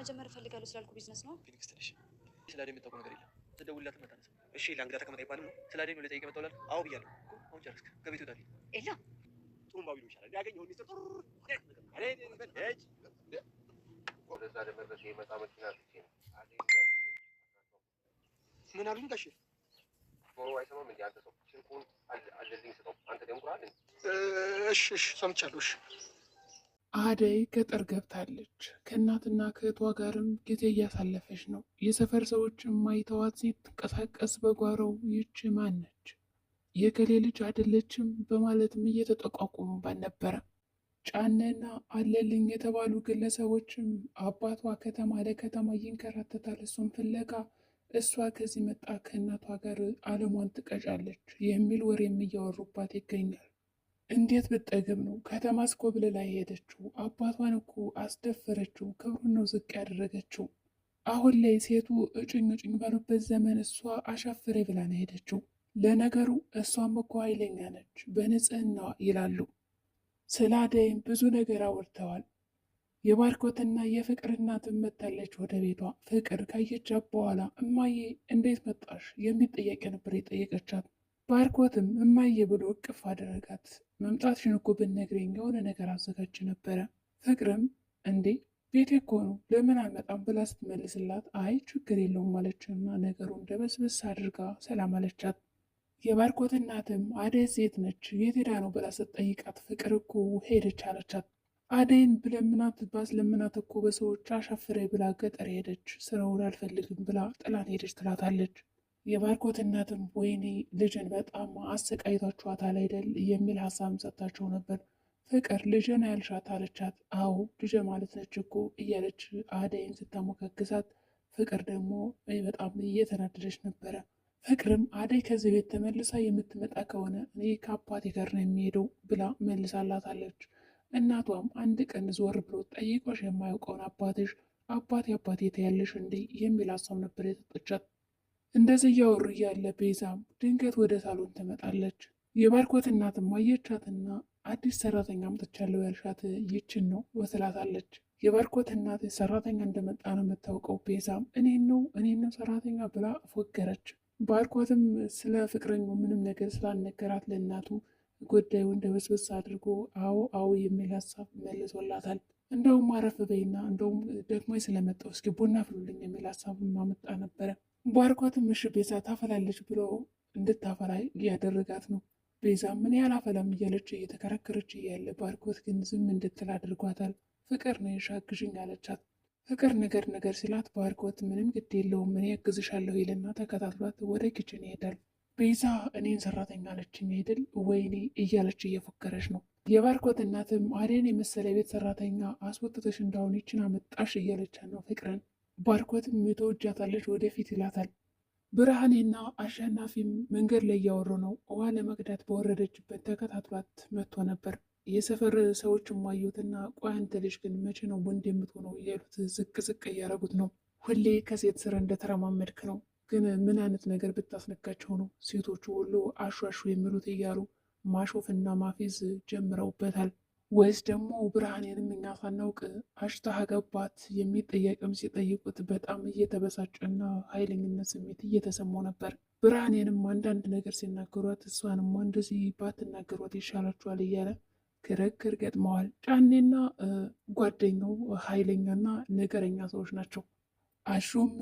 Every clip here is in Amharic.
መጀመር እፈልጋለሁ ስላልኩ ቢዝነስ ነው። ፊኒክስ ትንሽ ስለ አደይ የምታውቀው ነገር የለም። ትደውልላት መጣ ነው። እሺ ለእንግዳ ተቀመጥ አይባልም ነው። ስለ አደይ ነው ልጠይቅ መጣሁ አዎ ብያለሁ። አሁን ጨረስክ? ከቤት ወጣ የለ ጥሩምባ ቢሉ ይሻላል። ያገኘው ሚስጥር ጥሩ ምን አሉኝ ጋሼ? አይሰማም እንዴ አንተ ሰው ስልኩን አለልኝ ስጠው። አንተ ደንቁራል። እሺ እሺ፣ ሰምቻለሁ። እሺ አደይ ገጠር ገብታለች። ከእናትና ከእህቷ ጋርም ጊዜ እያሳለፈች ነው። የሰፈር ሰዎችም ማይተዋት ሲትንቀሳቀስ በጓሮው ይች ማን ነች? የገሌ ልጅ አይደለችም በማለትም እየተጠቋቁሙ ባልነበረ ጫነና አለልኝ የተባሉ ግለሰቦችም አባቷ ከተማ ለከተማ ይንከራተታል እሱም ፍለጋ እሷ ከዚህ መጣ ከእናቷ ጋር አለሟን ትቀጫለች የሚል ወሬም እያወሩባት ይገኛል። እንዴት ብጠግብ ነው? ከተማ አስኮብልላ ላይ ሄደችው። አባቷን እኮ አስደፈረችው። ክብሩን ነው ዝቅ ያደረገችው። አሁን ላይ ሴቱ እጭኝ እጭኝ ባሉበት ዘመን እሷ አሻፍሬ ብላ ነው ሄደችው። ለነገሩ እሷም እኮ ኃይለኛ ነች በንጽህናዋ ይላሉ። ስለ አደይም ብዙ ነገር አውርተዋል። የባርኮትና የፍቅር እናትን መታለች ወደ ቤቷ። ፍቅር ካየቻት በኋላ እማዬ እንዴት መጣሽ የሚል ጥያቄ ነበር የጠየቀቻት። ባርኮትም እማዬ ብሎ እቅፍ አደረጋት። መምጣትሽን እኮ ብትነግሪኝ የሆነ ነገር አዘጋጅ ነበረ። ፍቅርም እንዴ ቤቴ እኮ ነው ለምን አልመጣም ብላ ስትመልስላት አይ ችግር የለውም አለችና ነገሩን ደበስበስ አድርጋ ሰላም አለቻት። የባርኮት እናትም አደይ ሴት ነች የት ሄዳ ነው ብላ ስትጠይቃት ፍቅር እኮ ሄደች አለቻት። አደይን ብለምናት ለምናት እኮ በሰዎች አሻፍረ ብላ ገጠር ሄደች፣ ስራውን አልፈልግም ብላ ጥላን ሄደች ትላታለች። የባርኮት እናትም ወይኔ ልጅን በጣም አሰቃይታችኋታል አይደል የሚል ሀሳብ ሰጥታቸው ነበር። ፍቅር ልጅን አያልሻት አለቻት። አዎ ልጅ ማለት ነች እኮ እያለች አደይን ስታሞከግሳት፣ ፍቅር ደግሞ በጣም እየተናደደች ነበረ። ፍቅርም አደይ ከዚህ ቤት ተመልሳ የምትመጣ ከሆነ እኔ ከአባቴ ጋር ነው የሚሄደው ብላ መልሳላታለች። እናቷም አንድ ቀን ዞር ብሎ ጠይቆሽ የማያውቀውን አባትሽ አባቴ አባቴ ተያለሽ እንዴ የሚል ሀሳብ ነበር የሰጠቻት። እንደዚህ እያወሩ እያለ ቤዛም ድንገት ወደ ሳሎን ትመጣለች። የባርኮት እናትም አየቻትና አዲስ ሰራተኛ አምጥቻለሁ ያልሻት ይችን ነው ወስላታለች። የባርኮት እናት ሰራተኛ እንደመጣ ነው የምታውቀው። ቤዛም እኔ ነው እኔ ነው ሰራተኛ ብላ ፎገረች። ባርኮትም ስለ ፍቅረኛው ምንም ነገር ስላልነገራት ለእናቱ ጉዳዩ እንደ እንደበስበስ አድርጎ አዎ አዎ የሚል ሀሳብ መልሶላታል። እንደውም አረፍ በይና እንደውም ደግሞ ስለመጣው እስኪ ቡና ፍሉልኝ የሚል ሀሳብ ማመጣ ነበረ ባርኮትም እሺ ቤዛ ታፈላለች ብሎ እንድታፈላ እያደረጋት ነው። ቤዛ ምን ያላፈላም እያለች እየተከረከረች እያለ ባርኮት ግን ዝም እንድትል አድርጓታል። ፍቅር ነው የሻግዥኝ አለቻት። ፍቅር ነገር ነገር ሲላት ባርኮት ምንም ግድ የለውም ምን ያግዝሻለሁ ይልና ተከታትሏት ወደ ኪችን ይሄዳል። ቤዛ እኔን ሰራተኛ አለችኝ አይደል ወይኔ እያለች እየፎከረች ነው። የባርኮት እናትም አዴን የመሰለ ቤት ሰራተኛ አስወጥተሽ እንዳሁን ይችን አመጣሽ እያለቻት ነው ፍቅርን ባርኮትም የተወጃታለች ወደፊት ይላታል። ብርሃኔና አሸናፊም መንገድ ላይ እያወሩ ነው። ውሃ ለመቅዳት በወረደችበት ተከታትሏት መጥቶ ነበር። የሰፈር ሰዎችም አዩትና ቆይ አንተ ልጅ ግን መቼ ነው ወንድ የምትሆነው እያሉት ዝቅ ዝቅ እያደረጉት ነው። ሁሌ ከሴት ስር እንደተረማመድክ ነው ግን ምን አይነት ነገር ብታስነካቸው ነው ሴቶቹ ሁሉ አሹ አሹ የሚሉት እያሉ ማሾፍና ማፌዝ ጀምረውበታል። ወይስ ደግሞ ብርሃኔን እኛ ሳናውቅ አሽታ የሚጠየቅም የሚል ጥያቄም ሲጠይቁት በጣም እየተበሳጨና ኃይለኝነት ስሜት እየተሰማው ነበር። ብርሃኔንም አንዳንድ ነገር ሲናገሯት እሷንም እንደዚህ ባትናገሯት ይሻላችኋል እያለ ክርክር ገጥመዋል። ጫኔና ጓደኛው ኃይለኛና ነገረኛ ሰዎች ናቸው። አሹም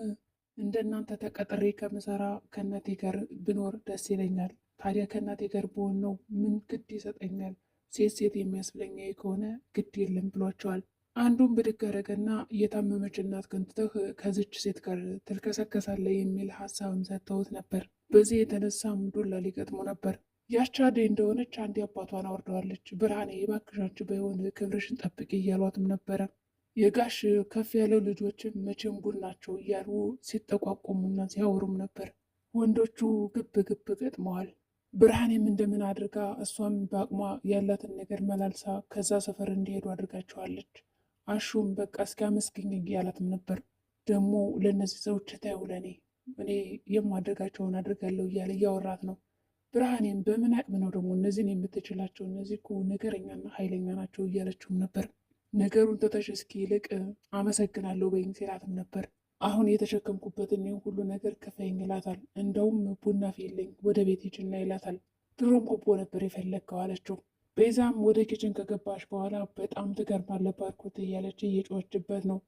እንደናንተ ተቀጥሬ ከምሰራ ከእናቴ ጋር ብኖር ደስ ይለኛል። ታዲያ ከእናቴ ጋር ብሆን ነው ምን ግድ ይሰጠኛል ሴት ሴት የሚያስብለኛ ከሆነ ግድ የለም ብሏቸዋል። አንዱን ብድግ አደረገና እየታመመች እናት ገንትተህ ከዚች ሴት ጋር ትልከሰከሳለህ የሚል ሀሳብም ሰጥተውት ነበር። በዚህ የተነሳም ዱላ ሊገጥሙ ነበር። ያቻዴ እንደሆነች አንድ አባቷን አወርደዋለች። ብርሃኔ የባክሻች በሆን ክብርሽን ጠብቅ እያሏትም ነበረ። የጋሽ ከፍ ያለው ልጆችም መቼም ጉድ ናቸው እያሉ ሲጠቋቆሙና ሲያወሩም ነበር። ወንዶቹ ግብ ግብ ገጥመዋል። ብርሃኔም እንደምን አድርጋ እሷም በአቅሟ ያላትን ነገር መላልሳ ከዛ ሰፈር እንዲሄዱ አድርጋቸዋለች። አሹም በቃ እስኪ አመስግኝ እያላትም ነበር። ደግሞ ለእነዚህ ሰዎች ታየው ለእኔ እኔ የማደርጋቸውን አድርጋለሁ እያለ እያወራት ነው። ብርሃኔም በምን አቅም ነው ደግሞ እነዚህን የምትችላቸው? እነዚህ እኮ ነገረኛና ኃይለኛ ናቸው እያለችውም ነበር። ነገሩን ተተሽ እስኪ ይልቅ አመሰግናለሁ በይኝ ሲላትም ነበር። አሁን የተሸከምኩበትን ይህን ሁሉ ነገር ክፈይኝ ይላታል። እንደውም ቡና ፊለኝ ወደ ቤት ሂጂና ይላታል። ድሮም ጉቦ ነበር የፈለግከው አለችው። ቤዛም ወደ ኪችን ከገባች በኋላ በጣም ትገርማለህ ባርኮት እያለች እየጮችበት ነው።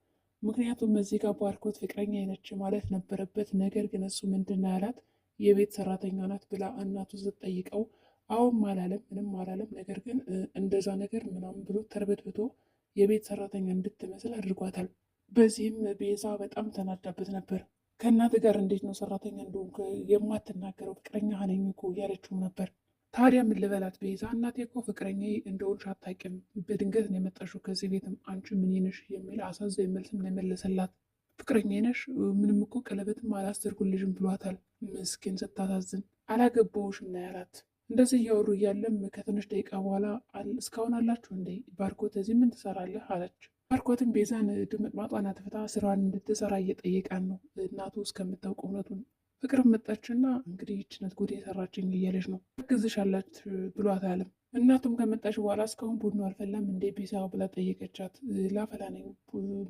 ምክንያቱም እዚህ ጋር ባርኮት ፍቅረኛ አይነች ማለት ነበረበት። ነገር ግን እሱ ምንድን ያላት የቤት ሰራተኛ ናት ብላ እናቱ ስትጠይቀው አሁን አላለም፣ ምንም አላለም። ነገር ግን እንደዛ ነገር ምናምን ብሎ ተርበትብቶ የቤት ሰራተኛ እንድትመስል አድርጓታል። በዚህም ቤዛ በጣም ተናዳበት ነበር። ከእናት ጋር እንዴት ነው ሰራተኛ እንደሆንክ የማትናገረው? ፍቅረኛ ነኝ እኮ እያለችውም ነበር። ታዲያ ምን ልበላት ቤዛ፣ እናቴ እኮ ፍቅረኛ እንደሆንሽ አታውቂም፣ በድንገት ነው የመጣሽው ከዚህ ቤትም አንቺ ምን ነሽ የሚል አሳዛኝ መልስም ነው የመለሰላት። ፍቅረኛ ነሽ ምንም እኮ ቀለበትም አላሰርኩልሽም ብሏታል። ምስኪን ስታሳዝን፣ አላገባሁሽም ነው ያላት። እንደዚህ እያወሩ እያለም ከትንሽ ደቂቃ በኋላ እስካሁን አላችሁ እንዴ ባርኮት፣ እዚህ ምን ትሰራለህ አለች። ባርኮትም ቤዛን ድምጥማጧን አትፍታ ስራዋን እንድትሰራ እየጠየቃን ነው። እናቱ እስከምታውቅ እውነቱን ፍቅርም መጣችና እንግዲህ ይችነት ጉድ የሰራችኝ እያለች ነው እግዝሻለች ብሏት አለም። እናቱም ከመጣች በኋላ እስካሁን ቡድኑ አልፈላም እንዴ ቤዛ ብላ ጠየቀቻት። ላፈላ ነኝ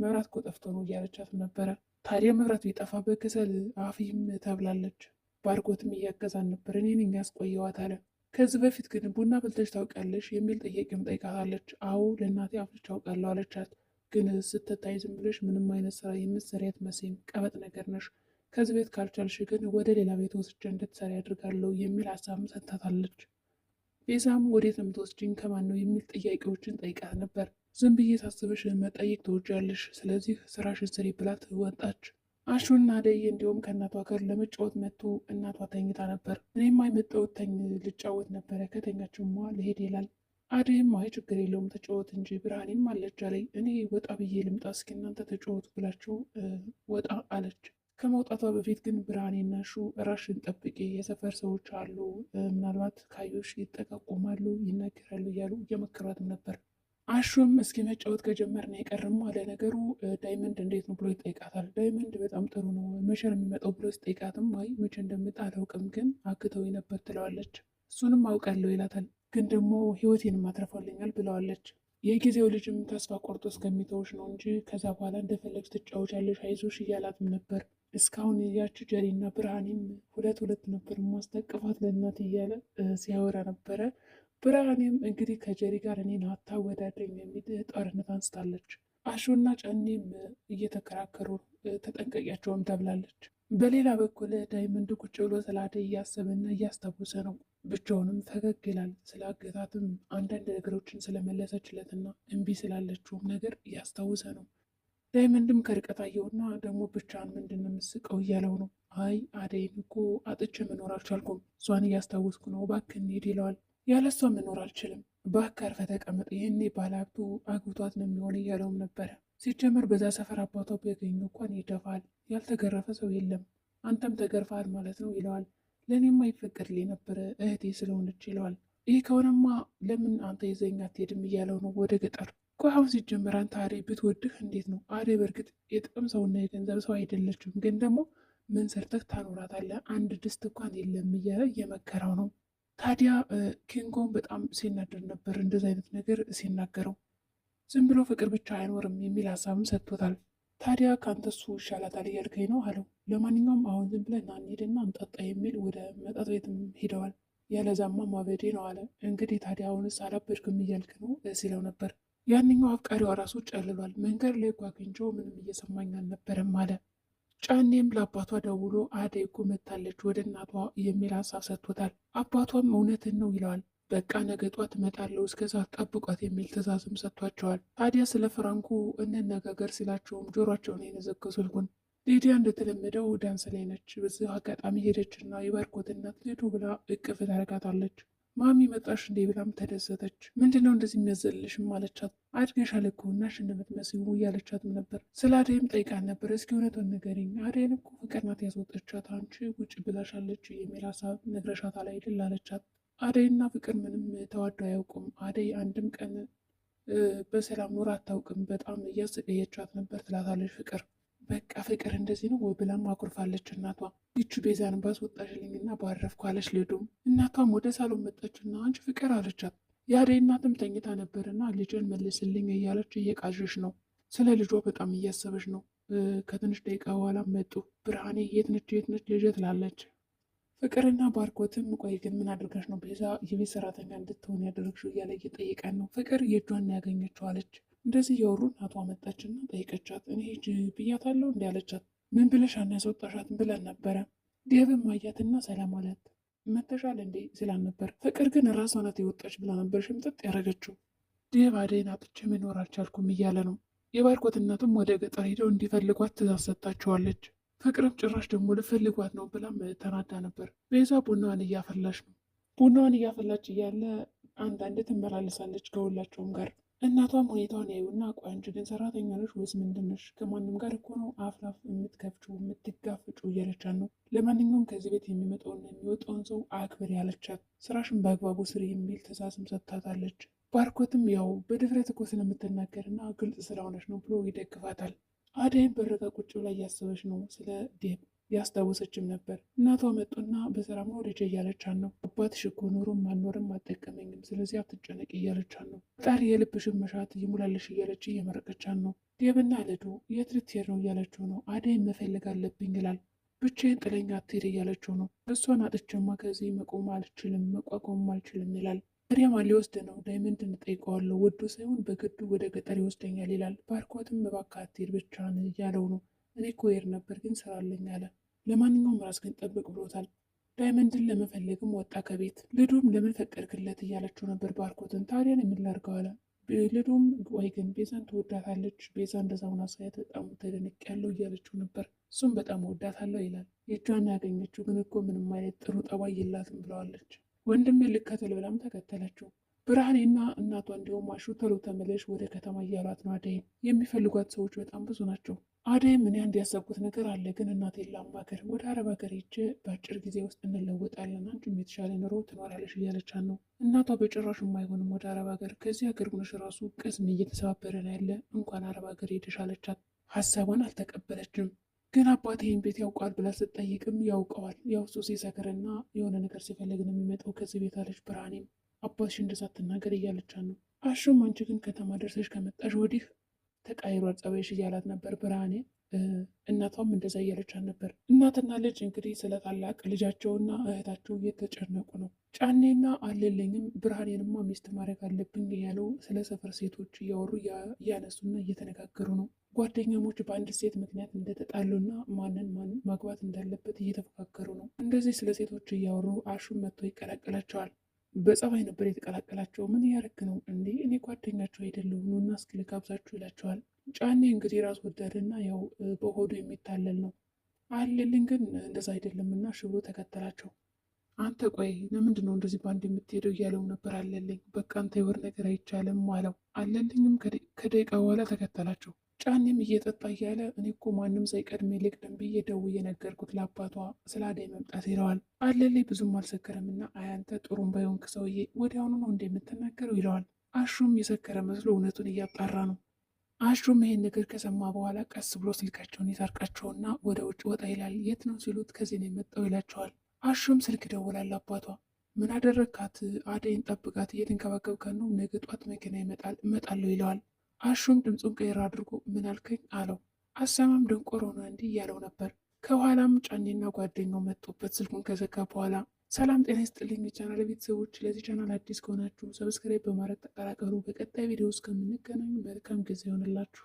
መብራት እኮ ጠፍቶ ነው እያለቻት ነበረ። ታዲያ መብራት ቢጠፋ በከሰል አፍይም ተብላለች። ባርኮትም እያገዛን ነበር እኔን የሚያስቆየዋት አለ። ከዚህ በፊት ግን ቡና በልተሽ ታውቂያለሽ የሚል ጥያቄም ጠይቃታለች። አዎ ለእናቴ አፍልቼ አውቃለሁ አለቻት። ግን ስትታይ ዝም ብለሽ ምንም አይነት ስራ የምትሰሪ አትመስይም፣ ቀበጥ ነገር ነሽ። ከዚህ ቤት ካልቻልሽ ግን ወደ ሌላ ቤት ወስጄ እንድትሰሪ አድርጋለሁ የሚል ሀሳብም ሰጥታታለች። ቤዛም ወዴት ነው የምትወስጂኝ፣ ከማን ነው የሚል ጥያቄዎችን ጠይቃት ነበር። ዝም ብዬ ሳስብሽ መጠየቅ ትወጃለሽ፣ ስለዚህ ስራሽን ስሪ ብላት ወጣች። አሹና አደይ እንዲሁም ከእናቷ ጋር ለመጫወት መጥቶ እናቷ ተኝታ ነበር። እኔማ የመጣሁት ተኝ ልጫወት ነበረ ከተኛችማ ልሄድ ይላል። አደይም አይ ችግር የለውም ተጫወት እንጂ ብርሃኔም አለች አለኝ። እኔ ወጣ ብዬ ልምጣ እስኪ እናንተ ተጫወቱ ብላቸው ወጣ አለች። ከመውጣቷ በፊት ግን ብርሃኔና ሹ ራሽን ጠብቂ፣ የሰፈር ሰዎች አሉ፣ ምናልባት ካዮሽ ይጠቃቆማሉ፣ ይናገራሉ እያሉ እየመከሯትም ነበር። አሹም እስኪ መጫወት ከጀመርና የቀርም አለ ነገሩ ዳይመንድ እንዴት ነው ብሎ ይጠይቃታል። ዳይመንድ በጣም ጥሩ ነው መቼ ነው የሚመጣው ብሎ ይጠይቃትም አይ መቼ እንደምጣ አላውቅም፣ ግን አግተው ነበር ትለዋለች። እሱንም አውቃለሁ ይላታል። ግን ደግሞ ህይወቴን ማትረፋልኛል ብለዋለች። የጊዜው ልጅም ተስፋ ቆርጦ እስከሚተውሽ ነው እንጂ ከዛ በኋላ እንደፈለግሽ ትጫወቻለሽ፣ አይዞሽ እያላትም ነበር። እስካሁን ያች ጀሪና ብርሃኔም ሁለት ሁለት ነበር ማስጠቅፋት ለእናት እያለ ሲያወራ ነበረ። ብርሃኔም እንግዲህ ከጀሪ ጋር እኔን አታወዳደኝ የሚል ጦርነት አንስታለች። አሹና ጨኔም እየተከራከሩ ተጠንቀቂያቸውም ተብላለች። በሌላ በኩል ዳይመንድ ቁጭ ብሎ ስላደ እያሰበና እያስታወሰ ነው። ብቻውንም ፈገግ ይላል። ስለ አገታትም አንዳንድ ነገሮችን ስለመለሰችለትና እምቢ ስላለችውም ነገር እያስታወሰ ነው። ዳይመንድም ከርቀት አየውና ደግሞ ብቻን ምንድን የምስቀው እያለው ነው። አይ አደይን እኮ አጥቼ መኖር አልቻልኩም፣ እሷን እያስታወስኩ ነው፣ እባክህ እንሂድ ይለዋል። ያለ እሷ መኖር አልችልም፣ እባክህ አርፈህ ተቀመጥ፣ ይህኔ ባለሀብቱ አግብቷት ነው የሚሆን እያለውም ነበረ። ሲጀመር በዛ ሰፈር አባቷ ቢያገኙ እንኳን ይደፋል፣ ያልተገረፈ ሰው የለም፣ አንተም ተገርፈሃል ማለት ነው ይለዋል። ለእኔ ይፈቀድልኝ ነበረ እህቴ ስለሆነች ይለዋል። ይህ ከሆነማ ለምን አንተ ይዘኛ አትሄድም እያለው ነው ወደ ገጠር። ቆይ አሁን ሲጀመር አንተ አዴ ብትወድህ እንዴት ነው? አሬ በእርግጥ የጥቅም ሰውና የገንዘብ ሰው አይደለችም፣ ግን ደግሞ ምን ሰርተህ ታኖራታለህ? አንድ ድስት እንኳን የለም እያለ እየመከረው ነው። ታዲያ ኪንጎን በጣም ሲናደር ነበር እንደዚ አይነት ነገር ሲናገረው። ዝም ብሎ ፍቅር ብቻ አይኖርም የሚል ሀሳብም ሰጥቶታል። ታዲያ ከአንተ እሱ ይሻላታል እያልከኝ ነው አለው። ለማንኛውም አሁን ዝም ብለን እንሂድና እንጠጣ የሚል ወደ መጠጥ ቤትም ሂደዋል። ያለዛማ ማበዴ ነው አለ። እንግዲህ ታዲያ አሁንስ አላበድክም እያልክ ነው ሲለው ነበር። ያንኛው አፍቃሪዋ ራሱ ጨልሏል። መንገድ ላይ ጓግንቸው ምንም እየሰማኝ አልነበረም አለ። ጫኔም ለአባቷ ደውሎ አደይ እኮ መታለች ወደ እናቷ የሚል ሀሳብ ሰጥቶታል። አባቷም እውነትን ነው ይለዋል። በቃ ነገ ጧት እመጣለሁ እስከዛ ጠብቋት የሚል ትእዛዝም ሰጥቷቸዋል። ታዲያ ስለ ፍራንኩ እንነጋገር ሲላቸውም ጆሯቸውን የነዘገሱት ጉን ሊዲያ እንደተለመደው ዳንስ ላይ ነች። በዚህ አጋጣሚ ሄደችና የባርኮት እናት ብላ እቅፍ ታረጋታለች። ማሚ መጣሽ እንዴ ብላም ተደሰተች። ምንድነው እንደዚህ የሚያዘልሽም አለቻት። አድገሻል እኮ እናሽ እንደምትመስሉ እያለቻትም ነበር። ስለ አደይም ጠይቃን ነበር። እስኪ እውነቱን ንገሪኝ፣ አደይን እኮ ፍቅር ናት ያስወጠቻት፣ አንቺ ውጭ ብላሻለች የሚል ሀሳብ ላይ ድል አለቻት። አደይና ፍቅር ምንም ተዋደው አያውቁም። አደይ አንድም ቀን በሰላም ኖር አታውቅም። በጣም እያሰቀየቻት ነበር ትላታለች ፍቅር። በቃ ፍቅር እንደዚህ ነው ብላም አኩርፋለች። እናቷ ይቹ ቤዛን እና ባረፍኩ አለች ልዱም። እናቷም ወደ ሳሎን መጣችና አንቺ ፍቅር አለቻት። የአደይ እናትም ተኝታ ነበርና ልጅን መልስልኝ እያለች እየቃዥሽ ነው። ስለ ልጇ በጣም እያሰበች ነው። ከትንሽ ደቂቃ በኋላ መጡ። ብርሃኔ የትነች የትነች ልጅ ትላለች። ፍቅርና ባርኮትም ቆይ ግን ምን አድርጋሽ ነው ቤዛ የቤት ሰራተኛ እንድትሆን ያደረግሽው እያለ እየጠየቀን ነው። ፍቅር የእጇን ያገኘችው አለች። እንደዚህ የወሩ እናቷ መጣችና ጠይቀቻት። እኔ ሂጅ ብያታለሁ እንዲ ያለቻት ምን ብለሽ አናስወጣሻት ብለን ነበረ። ዴብም አያትና ሰላም አላት። መተሻል እንዴ ስላል ነበር። ፍቅር ግን ራሷ ናት የወጣች ብላ ነበር ሽምጥጥ ያደረገችው። ዴብ አደይን አጥቼ መኖር አልቻልኩም እያለ ነው። የባርኮት እናትም ወደ ገጠር ሄደው እንዲፈልጓት ትእዛዝ ሰጥታቸዋለች። ፍቅርም ጭራሽ ደግሞ ልፈልጓት ነው ብላም ተናዳ ነበር። ቤዛ ቡናዋን እያፈላች ነው። ቡናዋን እያፈላች እያለ አንዳንድ ትመላለሳለች ከሁላቸውም ጋር። እናቷም ሁኔታዋን ያዩና ቆይ አንቺ ግን ሰራተኛ ነሽ ወይስ ምንድን ነሽ? ከማንም ጋር እኮ ነው አፍላፍ የምትከፍችው የምትጋፍጩ እያለቻት ነው። ለማንኛውም ከዚህ ቤት የሚመጣውን የሚወጣውን ሰው አክብር ያለቻት፣ ስራሽን በአግባቡ ስሪ የሚል ትእዛዝም ሰጥታታለች። ባርኮትም ያው በድፍረት እኮ ስለምትናገርና ግልጽ ስለሆነች ነው ብሎ ይደግፋታል። አደይም በረጋ ቁጭ ብላ እያሰበች ነው። ስለ ዴብ ያስታወሰችም ነበር። እናቷ መጡና በሰላም ነው ልጄ እያለቻት ነው። አባትሽ እኮ ኖሮም ማኖርም አጠቀመኝም፣ ስለዚህ አትጨነቂ እያለቻት ነው። ጣሪ የልብሽን መሻት ይሙላልሽ እያለች እየመረቀቻት ነው። ዴብና ልዱ የት ልትሄድ ነው እያለችው ነው። አደይም መፈለግ አለብኝ ይላል። ብቻዬን ጥለኛ አትሄድ እያለችው ነው። እሷን አጥቼማ ከዚህ መቆም አልችልም መቋቋም አልችልም ይላል። መሪያም ሊወስድ ነው። ዳይመንድ እንጠይቀዋለሁ ወዶ ሳይሆን በግዱ ወደ ገጠር ይወስደኛል ይላል። ባርኮትም እባክህ አትሄድ ብቻህን እያለው ነው። እኔ እኮ ነበር ግን ስራ አለኝ አለ። ለማንኛውም ራስ ግን ጠብቅ ብሎታል። ዳይመንድን ለመፈለግም ወጣ ከቤት። ልዱም ለምን ፈቀድክለት እያለችው ነበር ባርኮትን። ታዲያን የምላርገው አለ። ልዱም ወይ ግን ቤዛን ትወዳታለች፣ ቤዛ እንደዛ ሆና ሳያት በጣም ተደንቅ ያለው እያለችው ነበር። እሱም በጣም ወዳታለሁ ይላል። የእጇን ያገኘችው ግን እኮ ምንም አይነት ጥሩ ጠባይ የላትም ብለዋለች። ወንድሜ ልከተል ብላም ተከተለችው። ብርሃኔና እናቷ እንዲሁም ማሹ ቶሎ ተመለሽ ወደ ከተማ እያሏት ነው። አደይም የሚፈልጓት ሰዎች በጣም ብዙ ናቸው። አደይም እኔ አንድ ያሰብኩት ነገር አለ፣ ግን እናቴን ባገር ወደ አረብ ሀገር ሄጄ በአጭር ጊዜ ውስጥ እንለወጣለን፣ አንቺም የተሻለ ኑሮ ትኖራለሽ እያለቻት ነው። እናቷ በጭራሽ የማይሆንም ወደ አረብ ሀገር ከዚህ ሀገር ሆነሽ ራሱ ቅስም እየተሰባበረ ነው ያለ፣ እንኳን አረብ ሀገር ሄደሽ አለቻት። ሀሳቧን አልተቀበለችም። ግን አባት ይህን ቤት ያውቃል ብላ ስትጠይቅም ያውቀዋል። ያው እሱ ሲሰክርና የሆነ ነገር ሲፈለግ ነው የሚመጣው ከዚህ ቤት አለች። ብርሃኔም አባትሽ እንደዛ አትናገር እያለቻ ነው። አሹም አንቺ ግን ከተማ ደርሰሽ ከመጣሽ ወዲህ ተቃይሯል ጸባይሽ እያላት ነበር ብርሃኔ። እናቷም እንደዛ እያለቻት ነበር። እናትና ልጅ እንግዲህ ስለ ታላቅ ልጃቸውና እህታቸው እየተጨነቁ ነው። ጫኔና አለልኝም ብርሃኔንማ ሚስት ማድረግ አለብኝ ያለው ስለ ሰፈር ሴቶች እያወሩ እያነሱና እየተነጋገሩ ነው። ጓደኛሞች በአንድ ሴት ምክንያት እንደተጣሉና ማንን ማንን ማግባት እንዳለበት እየተፎካከሩ ነው። እንደዚህ ስለ ሴቶች እያወሩ አሹም መጥቶ ይቀላቀላቸዋል። በጸባይ ነበር የተቀላቀላቸው። ምን እያረክ ነው እንዴ? እኔ ጓደኛቸው አይደለሁም ኑና እስኪ ልጋብዛችሁ ይላቸዋል። ጫኔ እንግዲህ ራስ ወዳድና ያው በሆዱ የሚታለል ነው። አለልኝ ግን እንደዛ አይደለምና እና ሽብሮ ተከተላቸው። አንተ ቆይ ለምንድን ነው እንደዚህ በአንድ የምትሄደው? እያለው ነበር አለልኝ። በቃ አንተ የወር ነገር አይቻልም አለው። አለልኝም ከደቂቃ በኋላ ተከተላቸው። ጫኔም እየጠጣ እያለ እኔ እኮ ማንም ሳይቀድሜ ልቅደም ብዬ ደውዬ የነገርኩት ለአባቷ ስለ አደይ መምጣት ይለዋል። አለሌ ብዙም አልሰከረምና አያንተ ጥሩም ባይሆንክ ሰውዬ ወዲያውኑ ነው እንደምትናገረው ይለዋል። አሹም የሰከረ መስሎ እውነቱን እያጣራ ነው። አሹም ይሄን ነገር ከሰማ በኋላ ቀስ ብሎ ስልካቸውን ይሰርቃቸውና ወደ ውጭ ወጣ ይላል። የት ነው ሲሉት ከዚህ ነው የመጣው ይላቸዋል። አሹም ስልክ ደውላል አባቷ ምን አደረግካት? አደይን ጠብቃት፣ እየተንከባከብካት ነው፣ ነገ ጧት መኪና ይመጣል እመጣለሁ ይለዋል። አሹም ድምፁን ቀይር አድርጎ ምን አልከኝ አለው። አሰማም ደንቆሮ ነው እንዲህ እያለው ነበር። ከኋላም ጫኔና ጓደኛው መጡበት። ስልኩን ከዘጋ በኋላ ሰላም ጤና ይስጥልኝ የቻናል ቤተሰቦች፣ ለዚህ ቻናል አዲስ ከሆናችሁ ሰብስክራይብ በማድረግ ተቀላቀሉ። በቀጣይ ቪዲዮ እስከምንገናኝ መልካም ጊዜ ይሆንላችሁ።